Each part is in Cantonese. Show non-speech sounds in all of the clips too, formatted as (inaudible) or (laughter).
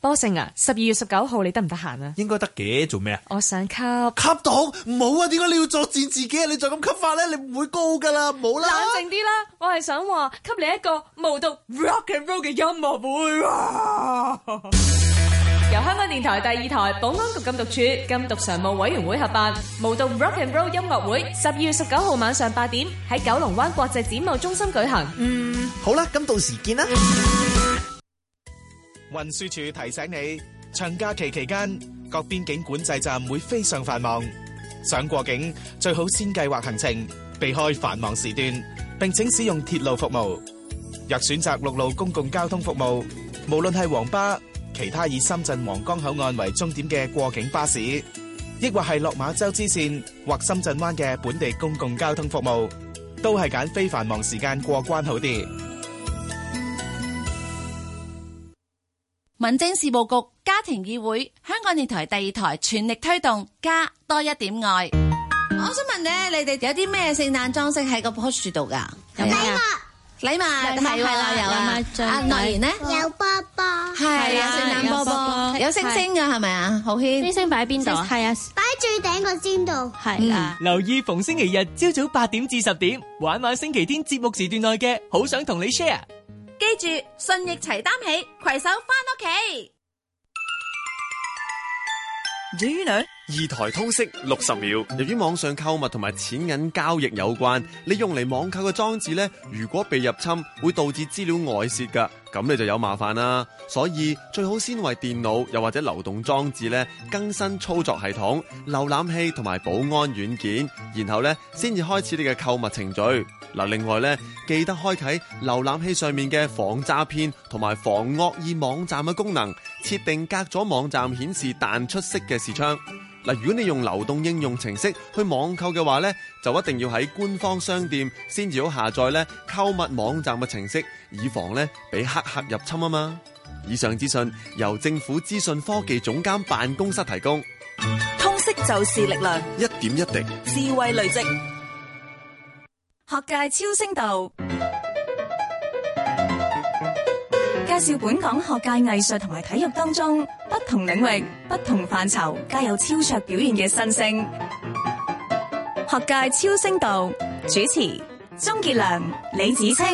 波成啊，十二月十九號你得唔得閒啊？應該得嘅，做咩啊？我想吸吸毒，唔好啊！點解你要作踐自己啊？你再咁吸法咧，你唔會高噶啦，冇啦、啊。冷靜啲啦，我係想話，給你一個無毒 rock and roll 嘅音樂會、啊。由香港電台第二台、保安局禁毒處、禁毒常務委員會合辦，無毒 rock and roll 音樂會，十二月十九號晚上八點喺九龍灣國際展貿中心舉行。嗯，好啦，咁到時見啦。運輸署提醒你，長假期期間各邊境管制站會非常繁忙，想過境最好先計劃行程，避開繁忙時段，並請使用鐵路服務。若選擇陸路公共交通服務，無論係黃巴、其他以深圳皇崗口岸為終點嘅過境巴士，亦或係落馬洲支綫或深圳灣嘅本地公共交通服務，都係揀非繁忙時間過關好啲。民政事務局家庭議會，香港電台第二台全力推動，加多一點愛。我想問咧，你哋有啲咩聖誕裝飾喺嗰棵樹度噶？禮物禮物係啦，有啊。啊，諾言咧？有波波係，有聖誕波波，有星星噶，係咪啊？浩軒，星星擺邊度？係啊，擺最頂個尖度。係啊，留意逢星期日朝早八點至十點，玩玩星期天節目時段內嘅，好想同你 share。記住，信翼齊擔起，攜手翻屋企。Y una? 二台通識六十秒。由 (noise) 於網上購物同埋錢銀交易有關，你用嚟網購嘅裝置呢，如果被入侵，會導致資料外泄㗎。咁你就有麻煩啦，所以最好先為電腦又或者流動裝置咧更新操作系統、瀏覽器同埋保安軟件，然後咧先至開始你嘅購物程序。嗱，另外咧記得開啟瀏覽器上面嘅防詐騙同埋防惡意網站嘅功能，設定隔咗網站顯示彈出式嘅視窗。嗱，如果你用流動應用程式去網購嘅話咧。就一定要喺官方商店先至好下載咧購物網站嘅程式，以防咧俾黑客入侵啊嘛。以上資訊由政府資訊科技總監辦公室提供。通識就是力量，一點一滴智慧累積，學界超聲道介紹本港學界、藝術同埋體育當中不同領域、不同範疇皆有超卓表現嘅新星。學界超聲道主持鍾傑良、李芷菁、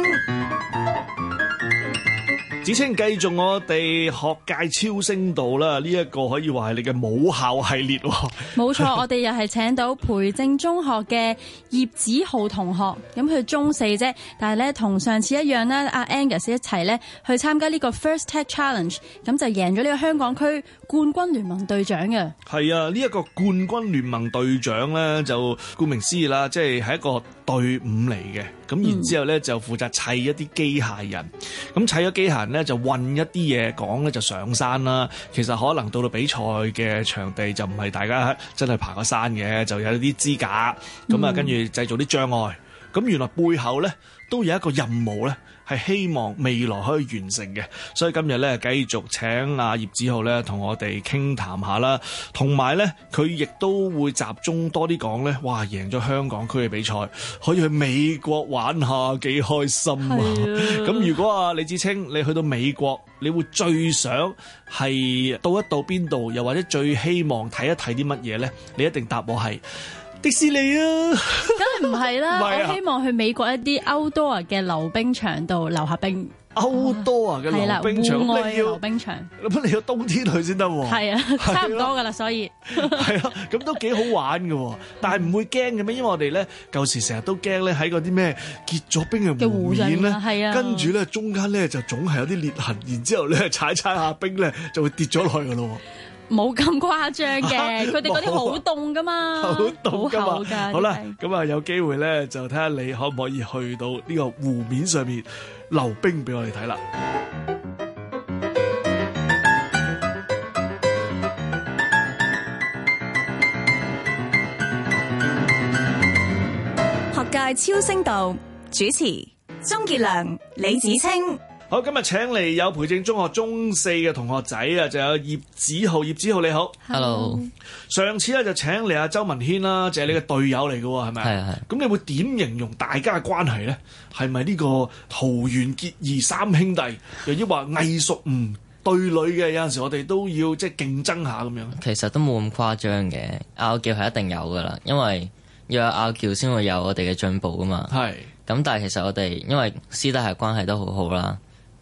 芷菁繼續我哋學界超聲道啦，呢、這、一個可以話係你嘅母校系列。冇錯， (laughs) 我哋又係請到培正中學嘅葉梓浩同學，咁佢中四啫，但係咧同上次一樣啦。阿 Angus 一齊咧去參加呢個 First Tech Challenge，咁就贏咗呢個香港區。冠軍聯盟隊長嘅係啊、呢、這、一個冠軍聯盟隊長咧就顧名思義啦，即係係一個隊伍嚟嘅。咁然、嗯、之後咧就負責砌一啲機械人，咁砌咗機械人咧就運一啲嘢，講咧就上山啦。其實可能到到比賽嘅場地就唔係大家真係爬個山嘅，就有啲支架咁啊，跟住製造啲障礙。嗯咁原來背後呢，都有一個任務呢，係希望未來可以完成嘅。所以今日呢，繼續請阿葉梓浩呢，同我哋傾談，談下啦。同埋呢，佢亦都會集中多啲講呢：「哇！贏咗香港區嘅比賽，可以去美國玩下，幾開心啊！」咁、啊、如果啊，李芷菁，你去到美國，你會最想係到一到邊度，又或者最希望睇一睇啲乜嘢呢？你一定答我係。迪士尼啊，梗係唔係啦。啊、我希望去美國一啲歐多啊嘅溜冰場度溜下冰，歐多啊嘅溜冰場，戶外嘅溜冰場。你要冬天去先得喎。係啊，啊啊差唔多噶啦，所以。係 (laughs) 啊，咁都幾好玩噶。啊，但係唔會驚嘅咩？因為我哋咧舊時成日都驚咧喺嗰啲咩結咗冰嘅湖面。咧，跟住咧，啊、中間咧就總係有啲裂痕，然之後咧踩踩下冰咧就會跌咗落去噶咯。 (laughs) 冇咁誇張嘅，佢哋嗰啲好凍噶嘛，嘛好凍吧噶。好啦的，咁啊，有機會咧就睇下你可唔可以去到呢個湖面上面溜冰俾我哋睇啦。學界超聲道主持鍾傑良、李芷菁。好，今日請嚟有培正中學中四嘅同學仔啊，就有葉梓浩，葉梓浩你好，Hello。上次咧就請嚟阿周文軒啦，就係、是、你嘅隊友嚟嘅係咪啊？係啊係。咁你會點形容大家嘅關係咧？係咪呢個桃園結義三兄弟？又抑或藝術嗯，對女嘅？有陣時我哋都要即係競爭下咁樣。其實都冇咁誇張嘅，拗撬係一定有噶啦，因為要有拗撬先會有我哋嘅進步噶嘛。係是。咁但係其實我哋因為私底下關係都好好啦。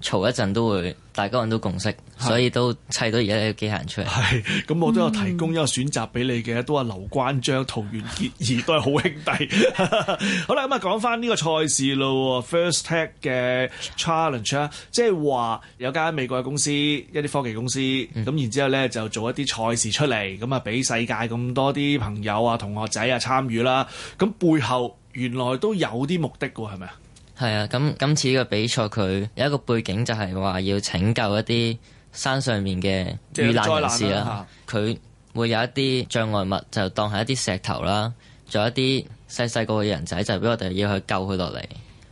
嘈一陣都會，大家人都共識，所以都砌到而家呢個機械人出嚟。係，咁我都有提供一個選擇俾你嘅，嗯、都話劉關張、桃園結義都係好兄弟。 (laughs) 好啦，咁啊講翻呢個賽事咯，First Tech 嘅 Challenge，即係話有間美國嘅公司，一啲科技公司咁，嗯、然之後咧就做一啲賽事出嚟，咁啊俾世界咁多啲朋友啊、同學仔啊參與啦。咁背後原來都有啲目的㗎，係咪啊？係啊，咁今次嘅比賽佢有一個背景就係話要拯救一啲山上面嘅遇難人士啦。佢、啊、會有一啲障礙物，就當係一啲石頭啦，仲有一啲細細個嘅人仔，就俾我哋要去救佢落嚟。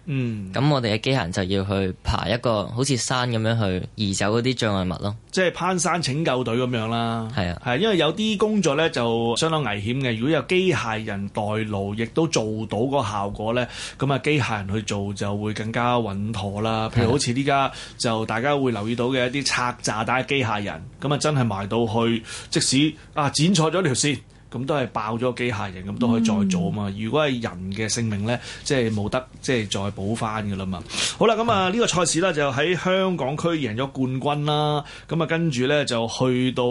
嗯，咁我哋嘅機械人就要去爬一個好似山咁樣去移走嗰啲障礙物咯，即係攀山拯救隊咁樣啦。係啊，係因為有啲工作呢就相當危險嘅，如果有機械人代勞，亦都做到個效果呢，咁啊機械人去做就會更加穩妥啦。譬如好似呢家就大家會留意到嘅一啲拆炸彈嘅機械人，咁啊真係埋到去，即使啊剪錯咗條線。咁都係爆咗機械人，咁都可以再做嘛！如果係人嘅性命呢，即係冇得即係再補翻㗎啦嘛。好啦，咁啊呢個賽事呢，就喺香港區贏咗冠軍啦，咁啊跟住呢，就去到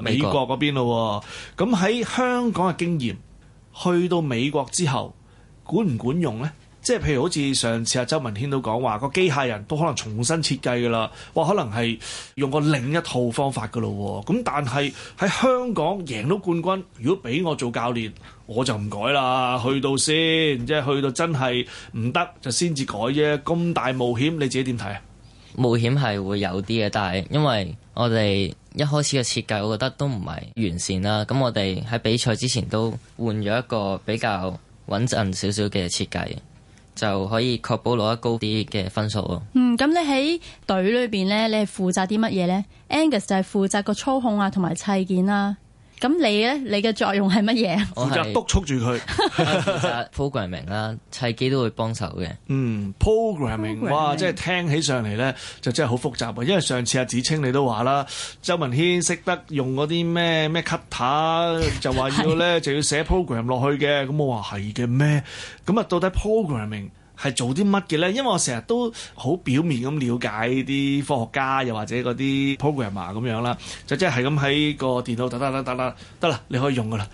美國嗰邊咯。咁喺國香港嘅經驗，去到美國之後，管唔管用呢？即係譬如好似上次阿周文軒都講話個機械人都可能重新設計㗎啦，哇！可能係用個另一套方法㗎咯。咁但係喺香港贏到冠軍，如果俾我做教練，我就唔改啦，去到先。即係去到真係唔得就先至改啫。咁大冒險，你自己點睇啊？冒險係會有啲嘅，但係因為我哋一開始嘅設計，我覺得都唔係完善啦。咁我哋喺比賽之前都換咗一個比較穩陣少少嘅設計。就可以確保攞得高啲嘅分數咯。嗯，咁你喺隊裏邊咧，你係負責啲乜嘢咧？Angus 就係負責個操控啊，同埋砌件啦、啊。咁你咧，你嘅作用係乜嘢？負是責督促住佢、 (laughs) 啊，負責 programming 啦，砌機都會幫手嘅。嗯，programming，program ming? 哇，即係聽起上嚟咧，就真係好複雜啊！因為上次阿、啊、子清你都話啦，周文軒識得用嗰啲咩咩 cutter 就話要咧就要寫 program 落去嘅。咁 (laughs) 我話係嘅咩？咁啊，到底 programming？係做啲乜嘅咧？因為我成日都好表面咁了解啲科學家，又或者嗰啲 programmer 咁樣啦，就即係係咁喺個電腦，得得得得得，得啦，你可以用噶啦，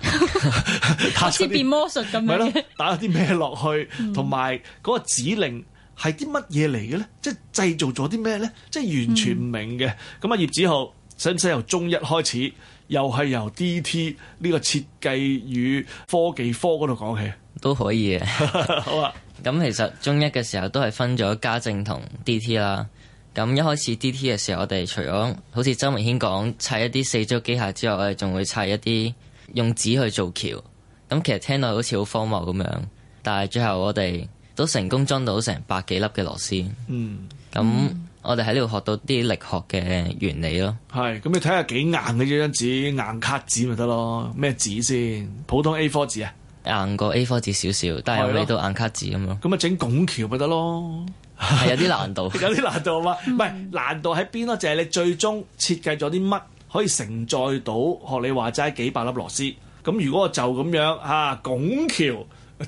打出啲 (laughs) 變魔術咁樣，打咗啲咩落去，同埋嗰個指令係啲乜嘢嚟嘅咧？即係製造咗啲咩咧？即係完全唔明嘅。咁啊、嗯，葉梓浩使唔使由中一開始，又係由 DT 呢個設計與科技科嗰度講起？都可以 (laughs) 好，好啊。咁其實中一嘅時候都係分咗家政同 D.T. 啦。咁一開始 D.T. 嘅時候，我哋除咗好似周明軒講砌一啲四足機械之外，我哋仲會砌一啲用紙去做橋。咁其實聽落好似好荒謬咁樣，但係最後我哋都成功裝到成百幾粒嘅螺絲。嗯，咁我哋喺呢度學到啲力學嘅原理咯。係，咁你睇下幾硬嘅嗰張紙，硬卡紙咪得咯？咩紙先？普通 A4 紙啊？硬過 A4 紙少少，但係又未到硬卡紙咁樣。咁咪整拱橋咪得咯？係 (laughs) (laughs) 有啲難度，有啲 (laughs) 難度嘛？唔係難度喺邊咯？就係、是、你最終設計咗啲乜可以承載到？學你話齋幾百粒螺絲咁，如果我就咁樣吓、啊、拱橋，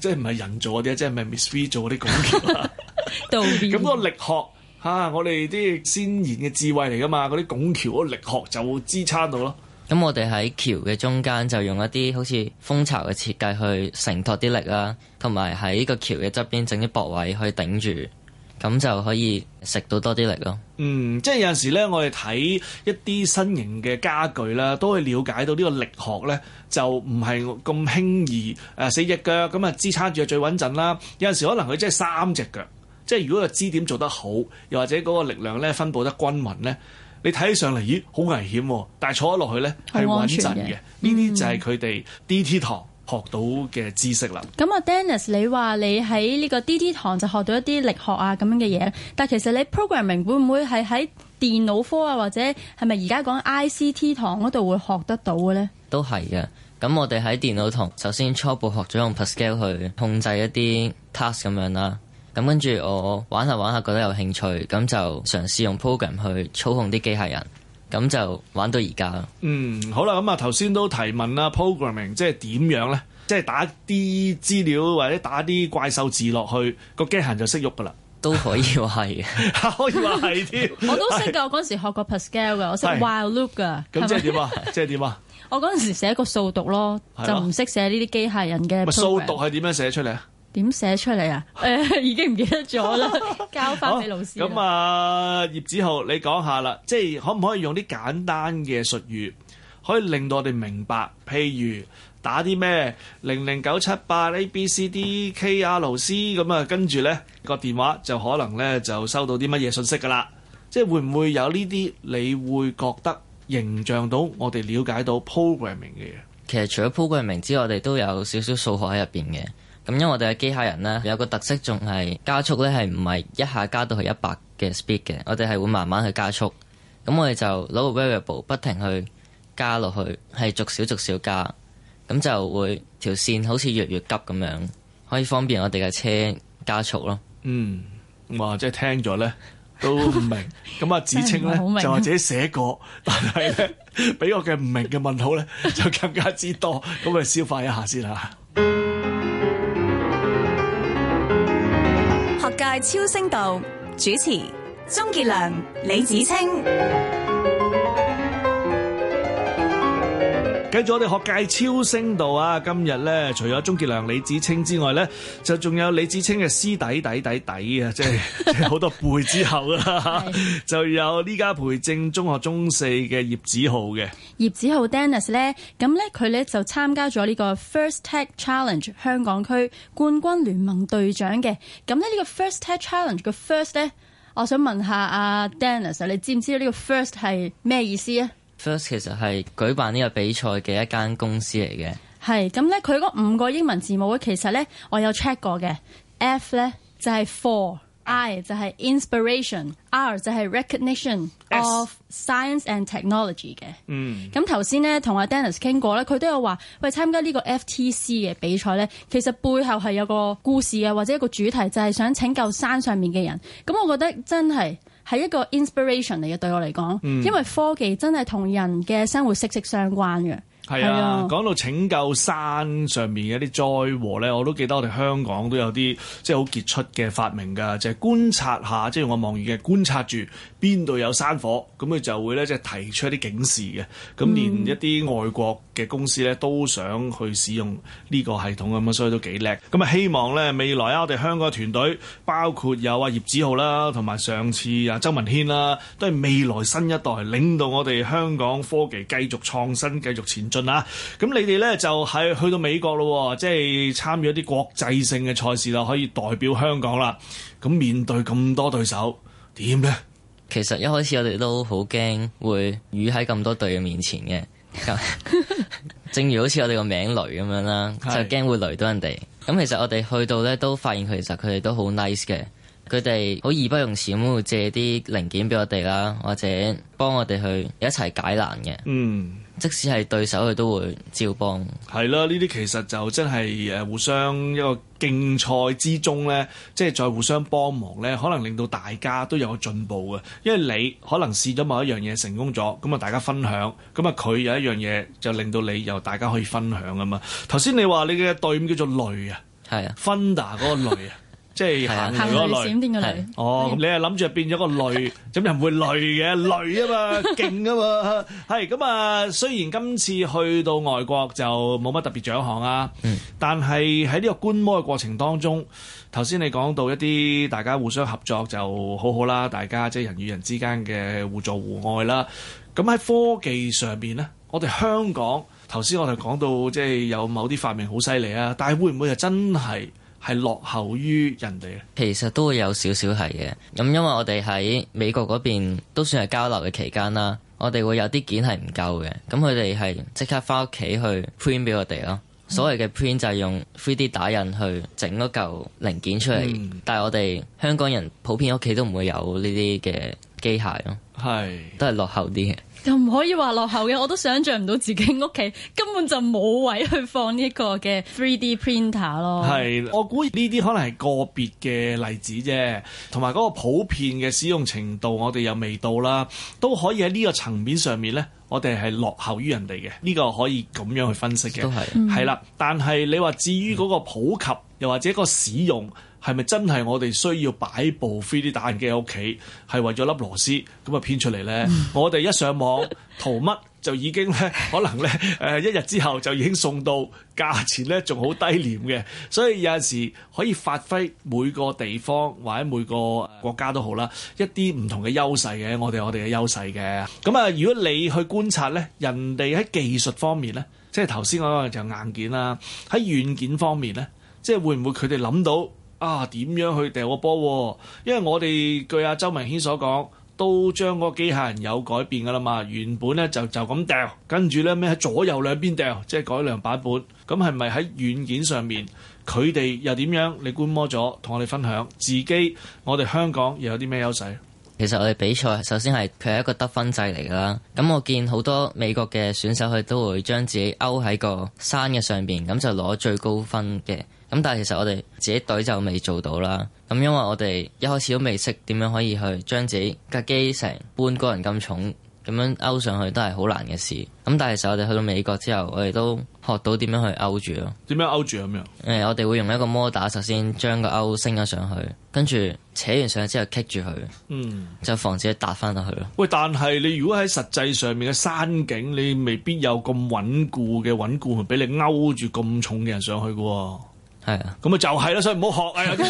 即係唔係人造嗰啲啊？即係咪 Miss V 做嗰啲拱橋啊？咁嗰 (laughs) (laughs) (laughs) 個力學吓、啊，我哋啲先賢嘅智慧嚟噶嘛？嗰啲拱橋嗰力學就會支撐到咯。咁我哋喺橋嘅中間就用一啲好似蜂巢嘅設計去承托啲力啦，同埋喺個橋嘅側邊整啲駁位去頂住，咁就可以食到多啲力咯。嗯，即係有陣時呢，我哋睇一啲新型嘅家具啦，都可以瞭解到呢個力學呢，就唔係咁輕易誒、呃、四隻腳咁啊支撐住最穩陣啦。有陣時可能佢真係三隻腳，即係如果個支點做得好，又或者嗰個力量呢，分佈得均勻呢。你睇起上嚟，咦，好危險喎、啊！但係坐得落去咧，係穩陣嘅。呢啲就係佢哋 D T 堂學到嘅知識啦。咁啊、嗯、Dennis，你話你喺呢個 D T 堂就學到一啲力學啊咁樣嘅嘢，但係其實你 programming 會唔會係喺電腦科啊，或者係咪而家講 I C T 堂嗰度會學得到嘅咧？都係嘅。咁我哋喺電腦堂首先初步學咗用 Pascal 去控制一啲 task 咁樣啦。咁跟住我玩下玩下，覺得有興趣，咁就嘗試用 program 去操控啲機械人，咁就玩到而家。嗯，好啦，咁啊頭先都提問啦，programming 即係點樣咧？即係打啲資料或者打啲怪獸字落去，個機械人就識喐噶啦。都可以話係， (laughs) 可以話係添。我都識嘅，是我嗰陣時學過 Pascal 嘅，我識 while loop 嘅。咁、嗯、即係點啊？即係點啊？我嗰陣時寫個數讀咯，啊、就唔識寫呢啲機械人嘅。數讀係點樣寫出嚟啊？點寫出嚟、 (laughs) (laughs) 哦嗯、啊？誒，已經唔記得咗啦，交翻俾老師。咁啊，葉梓浩，你講下啦，即係可唔可以用啲簡單嘅術語，可以令到我哋明白？譬如打啲咩零零九七八 A B C D K L C 咁啊，跟住呢，呢個電話就可能呢，就收到啲乜嘢信息噶啦？即係會唔會有呢啲你會覺得形象到我哋了解到 programming 嘅嘢？其實除咗 programming 之外，我哋都有少少數學喺入邊嘅。咁因為我哋嘅機械人咧有個特色，仲係加速咧，係唔係一下加到去一百嘅 speed 嘅？我哋係會慢慢去加速。咁我哋就攞個 variable 不停去加落去，係逐少逐少加。咁就會條線好似越嚟越急咁樣，可以方便我哋嘅車加速咯。嗯，哇！即係聽咗咧都唔明。咁啊，芷菁咧就自己寫過，但係咧俾我嘅唔明嘅問號咧就更加之多。咁我消化一下先啦。超聲道主持：鍾傑良、李芷菁。跟住我哋學界超聲度啊！今日咧，除咗鍾傑良、李芷菁之外咧，就仲有李芷菁嘅師弟、弟、弟、弟啊，即係好 (laughs) 多輩之後啊， (laughs) (laughs) 就有呢家培正中學中四嘅葉梓浩嘅。葉梓浩 Dennis 咧，咁咧佢咧就參加咗呢個 First Tech Challenge 香港區冠軍聯盟隊長嘅。咁咧呢個 First Tech Challenge 嘅 First 咧，我想問下阿、啊、Dennis，你知唔知呢個 First 係咩意思啊？First 其實係舉辦呢個比賽嘅一間公司嚟嘅，係咁咧，佢嗰五個英文字母咧，其實咧我有 check 過嘅，F 咧就係 For，I 就係 Inspiration，R 就係 Recognition of Science and Technology 嘅，S. 嗯，咁頭先咧同阿 Dennis 傾過咧，佢都有話，喂，參加呢個 FTC 嘅比賽咧，其實背後係有個故事啊，或者一個主題就係、是、想拯救山上面嘅人，咁我覺得真係。係一個 inspiration 嚟嘅，對我嚟講，嗯、因為科技真係同人嘅生活息息相關嘅。係啊，講、啊、到拯救山上面嘅一啲災禍咧，我都記得我哋香港都有啲即係好傑出嘅發明㗎，就係、是、觀察下，即、就、係、是、我望遠嘅，觀察住。邊度有山火，咁佢就會咧即係提出一啲警示嘅。咁、嗯、連一啲外國嘅公司咧，都想去使用呢個系統咁啊，所以都幾叻。咁啊，希望咧未來啊，我哋香港嘅團隊，包括有啊葉梓浩啦，同埋上次啊周文軒啦，都係未來新一代，領導我哋香港科技繼續創新、繼續前進啊！咁你哋咧就係去到美國咯，即係參與一啲國際性嘅賽事啦，可以代表香港啦。咁面對咁多對手，點咧？其實一開始我哋都好驚會瘀喺咁多隊嘅面前嘅， (laughs) (laughs) 正如好似我哋個名雷咁樣啦， (laughs) 就驚會雷到人哋。咁、 (laughs) 嗯、其實我哋去到呢，都發現佢，其實佢哋都好 nice 嘅，佢哋好義不容辭咁會借啲零件俾我哋啦，或者幫我哋去一齊解難嘅。嗯。即使係對手，佢都會照幫。係 (noise) 咯樂，呢啲其實就真係誒互相一個競賽之中咧，即係再互相幫忙咧，可能令到大家都有個進步嘅。因為你可能試咗某一樣嘢成功咗，咁啊大家分享，咁啊佢有一樣嘢就令到你又大家可以分享啊嘛。頭先你話你嘅隊伍叫做雷是啊，係啊 Thunder 嗰個雷啊。 (laughs) 即係行住嗰類的哦，的你係諗住變咗個雷，咁 (laughs) 又唔會雷嘅，雷啊嘛，勁啊嘛，係咁啊。雖然今次去到外國就冇乜特別獎項啊，嗯、但係喺呢個觀摩嘅過程當中，頭先你講到一啲大家互相合作就好好啦，大家即係、就是、人與人之間嘅互助互愛啦。咁喺科技上邊呢，我哋香港頭先我哋講到即係有某啲發明好犀利啊，但係會唔會係真係？係落後於人哋，其實都會有少少係嘅。咁、嗯、因為我哋喺美國嗰邊都算係交流嘅期間啦，我哋會有啲件係唔夠嘅，咁佢哋係即刻返屋企去 print 俾我哋咯。所謂嘅 print 就係用 3D 打印去整嗰嚿零件出嚟，嗯、但係我哋香港人普遍屋企都唔會有呢啲嘅機械咯，係是都係落後啲嘅。就唔可以話落後嘅，我都想象唔到自己屋企根本就冇位去放呢個嘅 3D printer 咯。係，我估呢啲可能係個別嘅例子啫，同埋嗰個普遍嘅使用程度，我哋又未到啦，都可以喺呢個層面上面呢，我哋係落後於人哋嘅，呢、呢個可以咁樣去分析嘅。都係係啦，但係你話至於嗰個普及，嗯、又或者個使用。係咪真係我哋需要擺部 3D 打印機喺屋企？係為咗粒螺絲咁啊編出嚟咧？ (laughs) 我哋一上網圖乜就已經咧，可能咧誒一日之後就已經送到，價錢咧仲好低廉嘅。所以有陣時可以發揮每個地方或者每個國家都好啦，一啲唔同嘅優勢嘅，我哋我哋嘅優勢嘅。咁啊，如果你去觀察咧，人哋喺技術方面咧，即係頭先嗰個就硬件啦、啊，喺軟件方面咧，即係會唔會佢哋諗到？啊，點樣去掟個波？因為我哋據阿、啊、周文軒所講，都將嗰個機械人有改變嘅啦嘛。原本呢，就就咁掟，跟住呢，咩喺左右兩邊掟，即係改良版本。咁係咪喺軟件上面佢哋又點樣？你觀摩咗，同我哋分享自己。我哋香港又有啲咩優勢？其實我哋比賽首先係佢係一個得分制嚟㗎啦。咁我見好多美國嘅選手佢都會將自己勾喺個山嘅上邊，咁就攞最高分嘅。咁但係其實我哋自己隊就未做到啦。咁因為我哋一開始都未識點樣可以去將自己架機成半個人咁重咁樣勾上去，都係好難嘅事。咁但係其實我哋去到美國之後，我哋都學到點樣去勾住咯。點樣勾住咁樣？誒、嗯，我哋會用一個摩打，首先將個勾升咗上去，跟住扯完上去之後，棘住佢，嗯，就防止佢搭翻落去咯。喂，但係你如果喺實際上面嘅山景，你未必有咁穩固嘅穩固，俾你勾住咁重嘅人上去噶、啊。係啊，咁啊就係啦，所以唔好學啊，有啲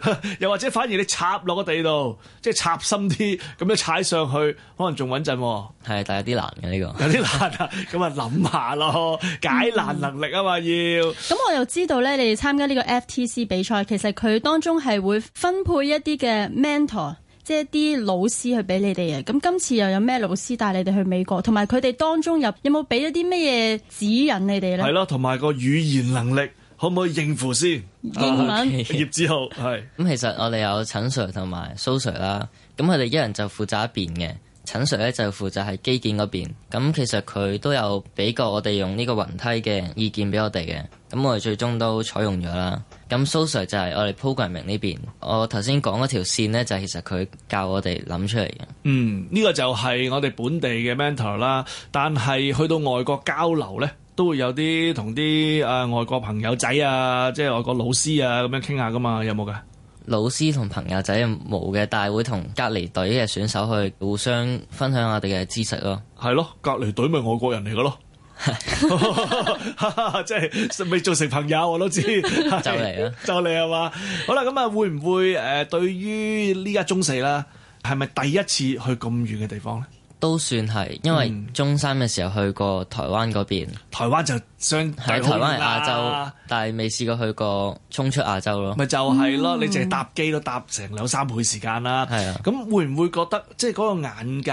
嘢，又或者反而你插落個地度，即係插深啲，咁樣踩上去，可能仲穩陣。係，但係有啲難嘅呢個，有啲難啊，咁、這個、啊諗下咯，解難能力啊嘛、嗯、要。咁我又知道咧，你哋參加呢個 FTC 比賽，其實佢當中係會分配一啲嘅 mentor，即係啲老師去俾你哋嘅。咁今次又有咩老師帶你哋去美國，同埋佢哋當中有有冇俾一啲咩嘢指引你哋咧？係咯，同埋個語言能力。可唔可以應付先？英文？葉梓浩係咁， (laughs) (laughs) 其實我哋有陳 Sir 同埋蘇 Sir 啦。咁佢哋一人就負責一邊嘅。陳 Sir 咧就負責係基建嗰邊。咁其實佢都有俾過我哋用呢個雲梯嘅意見俾我哋嘅。咁我哋最終都採用咗啦。咁蘇 Sir 就係我哋 programming 呢邊。我頭先講嗰條線咧，就係其實佢教我哋諗出嚟嘅。嗯，呢個就係我哋本地嘅 mentor 啦。但係去到外國交流咧。都會有啲同啲啊外國朋友仔啊，即係外國老師啊咁樣傾下噶嘛，有冇噶？老師同朋友仔冇嘅，但係會同隔籬隊嘅選手去互相分享我哋嘅知識咯。係咯、嗯，隔籬隊咪外國人嚟噶咯？ (laughs) (laughs) 即係未做成朋友我都知，就嚟啦，就嚟係嘛？好啦，咁啊會唔會誒？對於呢家中四啦，係咪第一次去咁遠嘅地方咧？都算係，因為中三嘅時候去過台灣嗰邊，嗯。台灣就相係台灣係亞洲。啊、但係未試過去過衝出亞洲咯。咪就係咯，嗯、你淨係搭機都搭成兩三倍時間啦。係啊、嗯，咁會唔會覺得即係嗰個眼界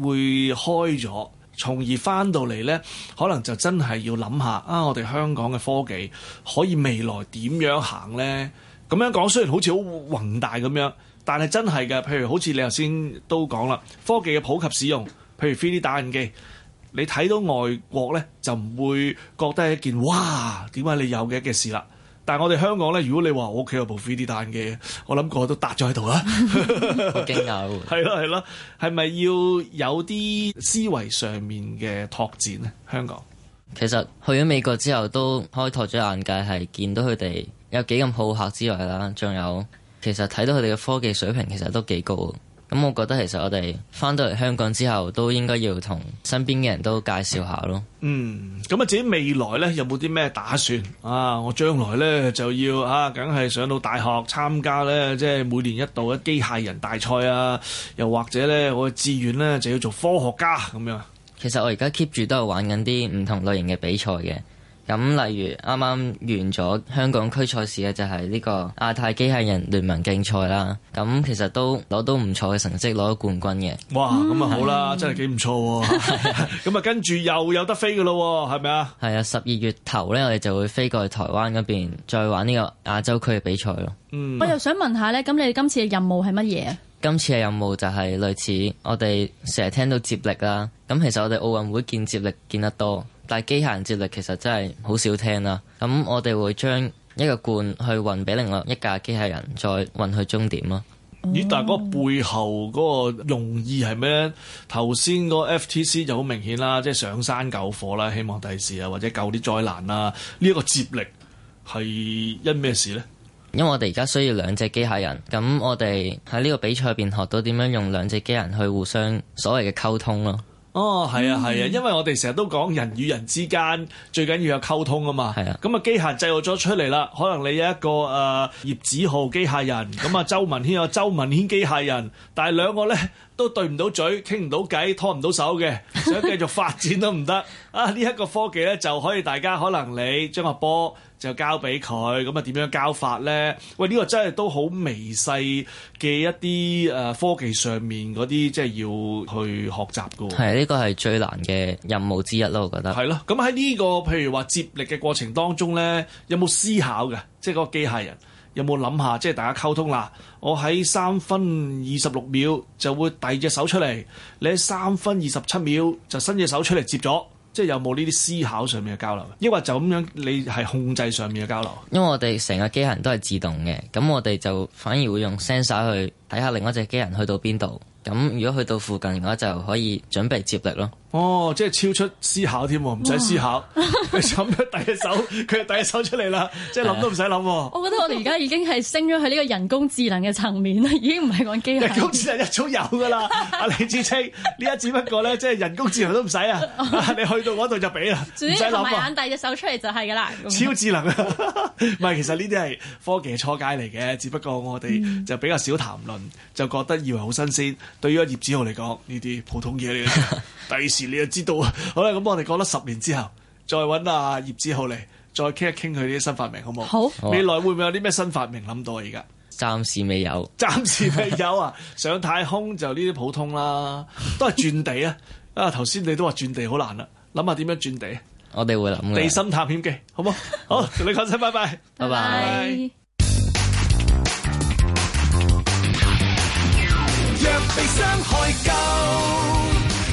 會開咗，從而翻到嚟呢，可能就真係要諗下啊，我哋香港嘅科技可以未來點樣行呢？咁樣講雖然好似好宏大咁樣。但係真係嘅，譬如好似你頭先都講啦，科技嘅普及使用，譬如 3D 打印機，你睇到外國咧，就唔會覺得係一件哇，點解你有嘅嘅事啦。但係我哋香港咧，如果你話我屋企有部 3D 打印機，我諗個都搭咗喺度啦，驚 (laughs) 有， (laughs) 係咯係咯，係咪、啊、要有啲思維上面嘅拓展咧？香港其實去咗美國之後都開拓咗眼界，係見到佢哋有幾咁好客之外啦，仲有。其實睇到佢哋嘅科技水平其實都幾高，咁我覺得其實我哋翻到嚟香港之後都應該要同身邊嘅人都介紹下咯。嗯，咁啊自己未來呢？有冇啲咩打算啊？我將來呢，就要啊，梗係上到大學參加呢，即係每年一度嘅機械人大賽啊，又或者呢，我嘅志願呢，就要做科學家咁樣。其實我而家 keep 住都係玩緊啲唔同類型嘅比賽嘅。咁例如啱啱完咗香港區賽事嘅，就係呢個亞太機械人聯盟競賽啦，咁其實都攞到唔錯嘅成績，攞咗冠軍嘅。哇，咁啊好啦，嗯、真係幾唔錯，咁啊 (laughs) (laughs) 跟住又有得飛噶咯，係咪啊？係啊，十二月頭咧，我哋就會飛過去台灣嗰邊再玩呢個亞洲區嘅比賽咯。嗯，我又想問下咧，咁你哋今次嘅任務係乜嘢啊？今次嘅任務就係類似我哋成日聽到接力啦，咁其實我哋奧運會見接力見得多。但係機械人接力其實真係好少聽啦，咁我哋會將一個罐去運俾另外一架機械人，再運去終點咯。咦？但係嗰背後嗰個用意係咩咧？頭先嗰 FTC 就好明顯啦，即係上山救火啦，希望第時啊或者救啲災難啊，呢一個接力係因咩事呢？因為我哋而家需要兩隻機械人，咁我哋喺呢個比賽入邊學到點樣用兩隻機械人去互相所謂嘅溝通咯。哦，係啊，係啊，嗯、因為我哋成日都講人與人之間最緊要有溝通啊嘛。係啊，咁啊機械製造咗出嚟啦，可能你有一個誒葉、呃、梓浩機械人，咁啊周文軒有周文軒機械人，但係兩個呢都對唔到嘴，傾唔到計，拖唔到手嘅，想繼續發展都唔得 (laughs) 啊！呢、這、一個科技呢，就可以大家可能你張阿波。就交俾佢，咁啊點樣交法呢？喂，呢、這個真係都好微細嘅一啲誒科技上面嗰啲，即、就、係、是、要去學習嘅。係，呢個係最難嘅任務之一咯，我覺得。係咯，咁喺呢個譬如話接力嘅過程當中呢，有冇思考嘅？即係嗰個機械人有冇諗下？即係大家溝通啦，我喺三分二十六秒就會遞隻手出嚟，你喺三分二十七秒就伸隻手出嚟接咗。即係有冇呢啲思考上面嘅交流，抑或就咁樣你係控制上面嘅交流？因為我哋成個機器人都係自動嘅，咁我哋就反而會用 sensor 去睇下另外一隻機器人去到邊度。咁如果去到附近嘅話就可以準備接力咯。哦，即係超出思考添，唔使思考，你諗咗第一手，佢 (laughs) 就第一手出嚟啦， (laughs) 即係諗都唔使諗。我覺得我哋而家已經係升咗去呢個人工智能嘅層面啦，已經唔係講機械。人工智能一早有噶啦，阿李芷菁，呢一只不過咧，即係人工智能都唔使啊， (laughs) (laughs) 你去到嗰度就俾啦，唔使諗啊。眼第一手出嚟就係噶啦，超智能啊！唔係，其實呢啲係科技嘅初階嚟嘅，只不過我哋就比較少談論，就覺得以為好新鮮。 (laughs) 對於葉梓浩嚟講，呢啲普通嘢，第。 (laughs) 你又知道啊？好啦，咁我哋講咗十年之後，再揾阿葉梓浩嚟，再傾一傾佢啲新發明，好冇？好，好未來會唔會有啲咩新發明諗到？而家暫時未有，暫時未有啊！ (laughs) 上太空就呢啲普通啦，都係轉地啊！ (laughs) 啊，頭先你都話轉地好難啦，啊，諗下點樣轉地，啊？我哋會諗地心探險機，好冇？好，同 (laughs) 你講聲，拜拜，拜拜。被害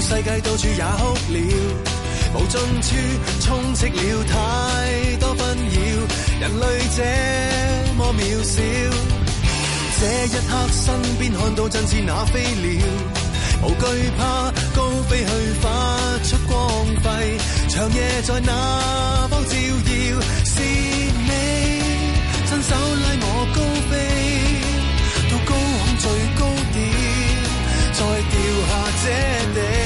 世界到處也哭了，無盡處充斥了太多紛擾，人類這麼渺小。這一刻身邊看到真似那飛鳥，無懼怕高飛去發出光輝，長夜在那方照耀，是你親手拉我高飛，到高空最高點，再掉下這地。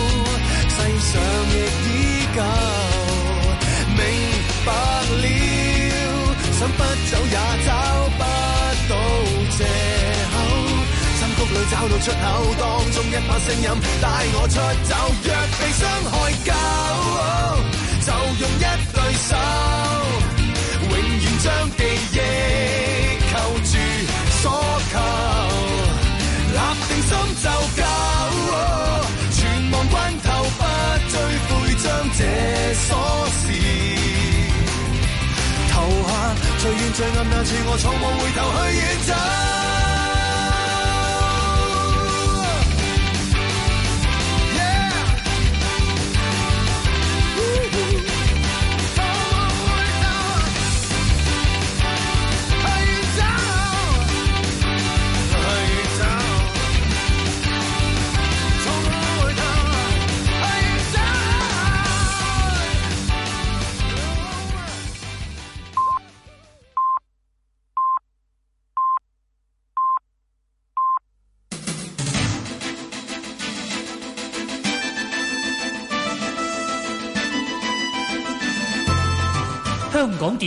世上亦依舊，明白了，想不走也找不到借口，深谷裏找到出口，當中一把聲音帶我出走。若被傷害夠，就用一對手，永遠將記。最暗那次，我從無回頭去遠走。 (noise)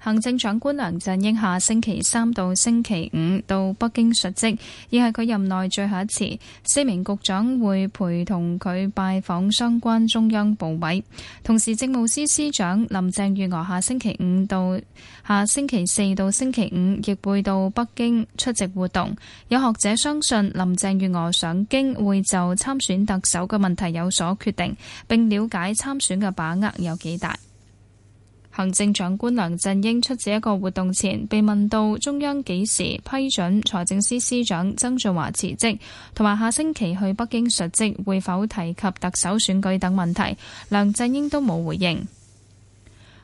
行政長官梁振英下星期三到星期五到北京述職，亦係佢任內最後一次。四名局長會陪同佢拜訪相關中央部委。同時，政務司司長林鄭月娥下星期五到下星期四到星期五亦會到北京出席活動。有學者相信，林鄭月娥上京會就參選特首嘅問題有所決定，並了解參選嘅把握有幾大。行政長官梁振英出席一個活動前，被問到中央幾時批准財政司司長曾俊華辭職，同埋下星期去北京述職會否提及特首選舉等問題，梁振英都冇回應。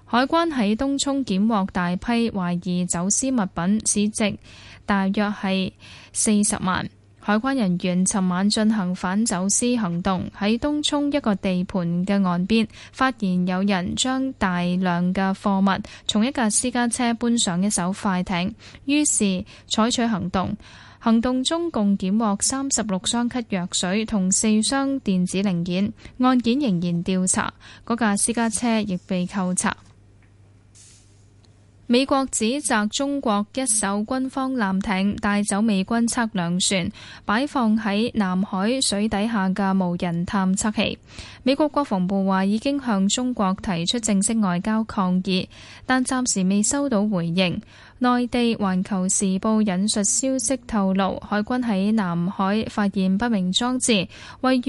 海關喺東涌檢獲大批懷疑走私物品，市值大約係四十萬。海關人員尋晚進行反走私行動，喺東涌一個地盤嘅岸邊發現有人將大量嘅貨物從一架私家車搬上一艘快艇，於是採取行動。行動中共檢獲三十六箱咳藥水同四箱電子零件，案件仍然調查。嗰架私家車亦被扣查。美國指責中國一艘軍方艦艇帶走美軍測量船擺放喺南海水底下嘅無人探測器。美國國防部話已經向中國提出正式外交抗議，但暫時未收到回應。內地環球時報引述消息透露，海軍喺南海發現不明裝置，位於。